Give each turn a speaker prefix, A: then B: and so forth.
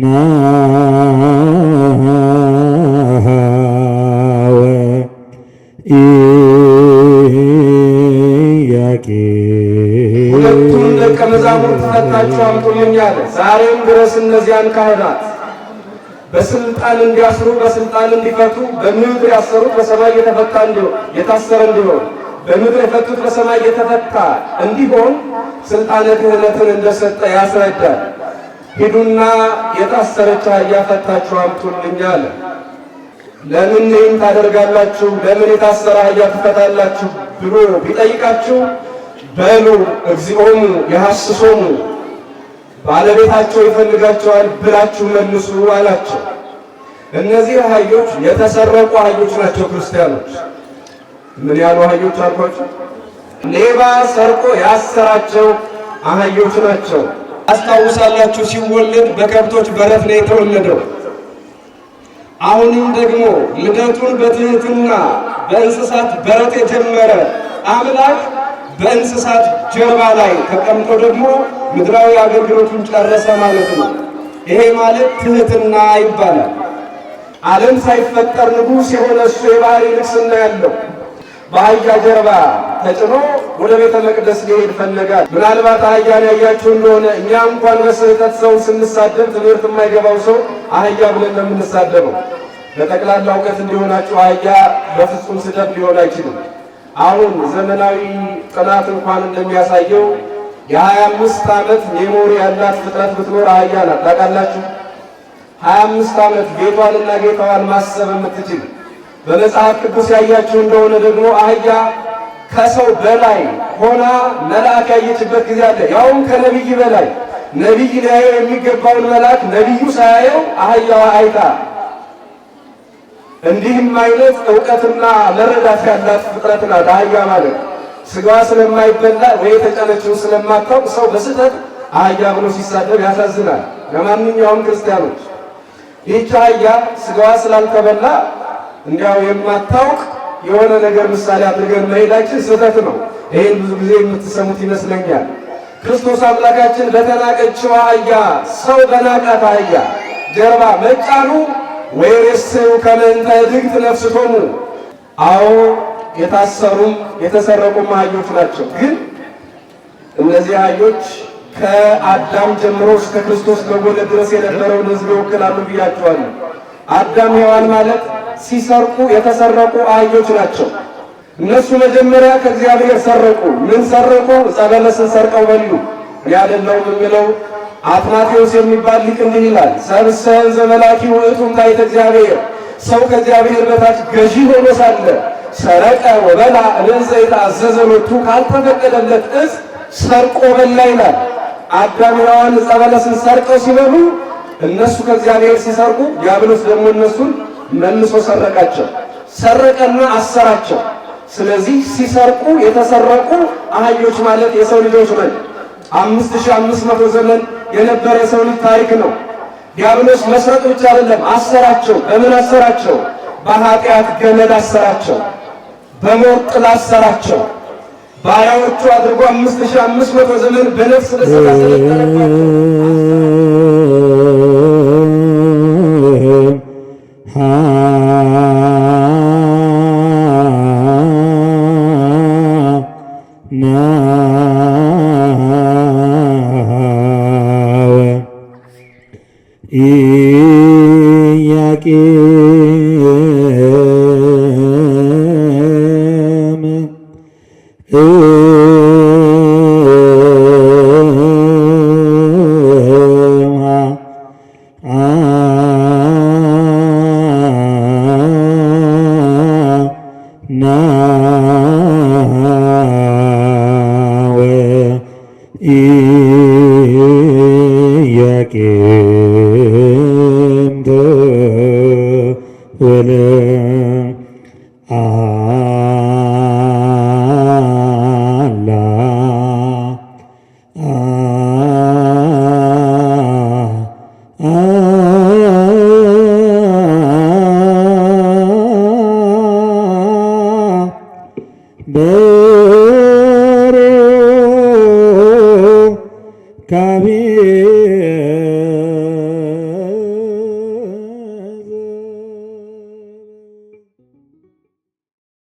A: ናወ ኢያቄም
B: ሁለቱን ደቀ መዛሙርት ፈታችሁ አምጡልኝ አለ። ዛሬም ድረስ እነዚያን ካህናት በስልጣን እንዲያስሩ በስልጣን እንዲፈቱ በምድር ያሰሩት በሰማይ የተፈታ እንዲሆን የታሰረ እንዲሆን በምድር የፈቱት በሰማይ የተፈታ እንዲሆን ስልጣነ ክህነትን እንደሰጠ ያስረዳል። ሂዱና የታሰረች አህያ ፈታችሁ አምጡልኝ አለ። ለምን ይህን ታደርጋላችሁ? ለምን የታሰረ አህያ ትፈታላችሁ? ብሎ ቢጠይቃችሁ በሉ እግዚኦሙ የሐስሶሙ ባለቤታቸው ይፈልጋቸዋል ብላችሁ መልሱ አላቸው። እነዚህ አህዮች የተሰረቁ አህዮች ናቸው። ክርስቲያኖች ምን ያሉ አህዮች አልኳቸው? ሌባ ሰርቆ ያሰራቸው አህዮች ናቸው። አስታውሳላችሁ ሲወለድ በከብቶች በረት ላይ የተወለደው። አሁንም ደግሞ ልደቱን በትህትና በእንስሳት በረት የጀመረ አምላክ በእንስሳት ጀርባ ላይ ተቀምጦ ደግሞ ምድራዊ አገልግሎቱን ጨረሰ ማለት ነው። ይሄ ማለት ትህትና ይባላል። ዓለም ሳይፈጠር ንጉሥ የሆነ እሱ የባህሪ ንግስና ያለው በአህያ ጀርባ ተጭኖ ወደ ቤተ መቅደስ ሊሄድ ፈለጋል። ምናልባት አህያን ያያችሁ እንደሆነ እኛ እንኳን በስህተት ሰው ስንሳደብ ትምህርት የማይገባው ሰው አህያ ብለን ነው የምንሳደበው። በጠቅላላ እውቀት እንዲሆናችሁ አህያ በፍጹም ስደብ ሊሆን አይችልም። አሁን ዘመናዊ ጥናት እንኳን እንደሚያሳየው የሀያ አምስት ዓመት ሜሞሪ ያላት ፍጥረት ብትኖር አህያ ናት። ታውቃላችሁ ሀያ አምስት ዓመት ቤቷንና ጌታዋን ማሰብ የምትችል በመጽሐፍ ቅዱስ ያያችሁ እንደሆነ ደግሞ አህያ ከሰው በላይ ሆና መልአክ ያየችበት ጊዜ አለ። ያውም ከነቢይ በላይ ነቢይ ሊያየው የሚገባውን መልአክ ነቢዩ ሳያየው አህያዋ አይታ እንዲህም አይነት እውቀትና መረዳት ያላት ፍጥረት ናት አህያ ማለት። ስጋዋ ስለማይበላ ወይ የተጨነችውን ስለማታውቅ ሰው በስህተት አህያ ብሎ ሲሳደብ ያሳዝናል። ለማንኛውም ክርስቲያኖች ይህች አህያ ስጋዋ ስላልተበላ እንዲያው የማታውቅ የሆነ ነገር ምሳሌ አድርገን መሄዳችን ስህተት ነው። ይህን ብዙ ጊዜ የምትሰሙት ይመስለኛል። ክርስቶስ አምላካችን በተናቀችው አህያ፣ ሰው በናቃት አህያ ጀርባ መጫኑ ወይሬስው ከመንተ ድግት ነፍስቶሙ። አዎ የታሰሩም የተሰረቁም አህዮች ናቸው። ግን እነዚህ አህዮች ከአዳም ጀምሮ እስከ ክርስቶስ በጎለ ድረስ የነበረውን ሕዝብ ይወክላሉ ብያቸዋለሁ። አዳም ሔዋን ማለት ሲሰርቁ የተሰረቁ አህዮች ናቸው። እነሱ መጀመሪያ ከእግዚአብሔር ሰረቁ። ምን ሰረቁ? ዕፀ በለስን ሰርቀው በሉ። እኔ አይደለሁም አትናቴዎስ የሚባል ሊቅ እንዲህ ይላል፣ ሰብእሰ እንዘ መላኪው ውእቱ እንታይተ እግዚአብሔር። ሰው ከእግዚአብሔር በታች ገዢ ሆኖ ሳለ ሰረቀ ወበላ እንዘ የተአዘዘ መቱ ካልተፈቀደለት እጽ ሰርቆ በላ ይላል። አዳም ሔዋን ዕፀ በለስን ሰርቀው ሲበሉ እነሱ ከእግዚአብሔር ሲሰርቁ ዲያብሎስ ደግሞ እነሱን መልሶ ሰረቃቸው። ሰረቀና አሰራቸው። ስለዚህ ሲሰርቁ የተሰረቁ አህዮች ማለት የሰው ልጆች ነን። አምስት ሺህ አምስት መቶ ዘመን የነበረ የሰው ልጅ ታሪክ ነው። ዲያብሎስ መስረቅ ብቻ አይደለም፣ አሰራቸው። በምን አሰራቸው? በኃጢአት ገመድ አሰራቸው። በሞት ጥላ አሰራቸው። ባሪያዎቹ አድርጎ አምስት ሺህ አምስት መቶ ዘመን በነፍስ ደስታ
A: y മുതല് ആ കവിയ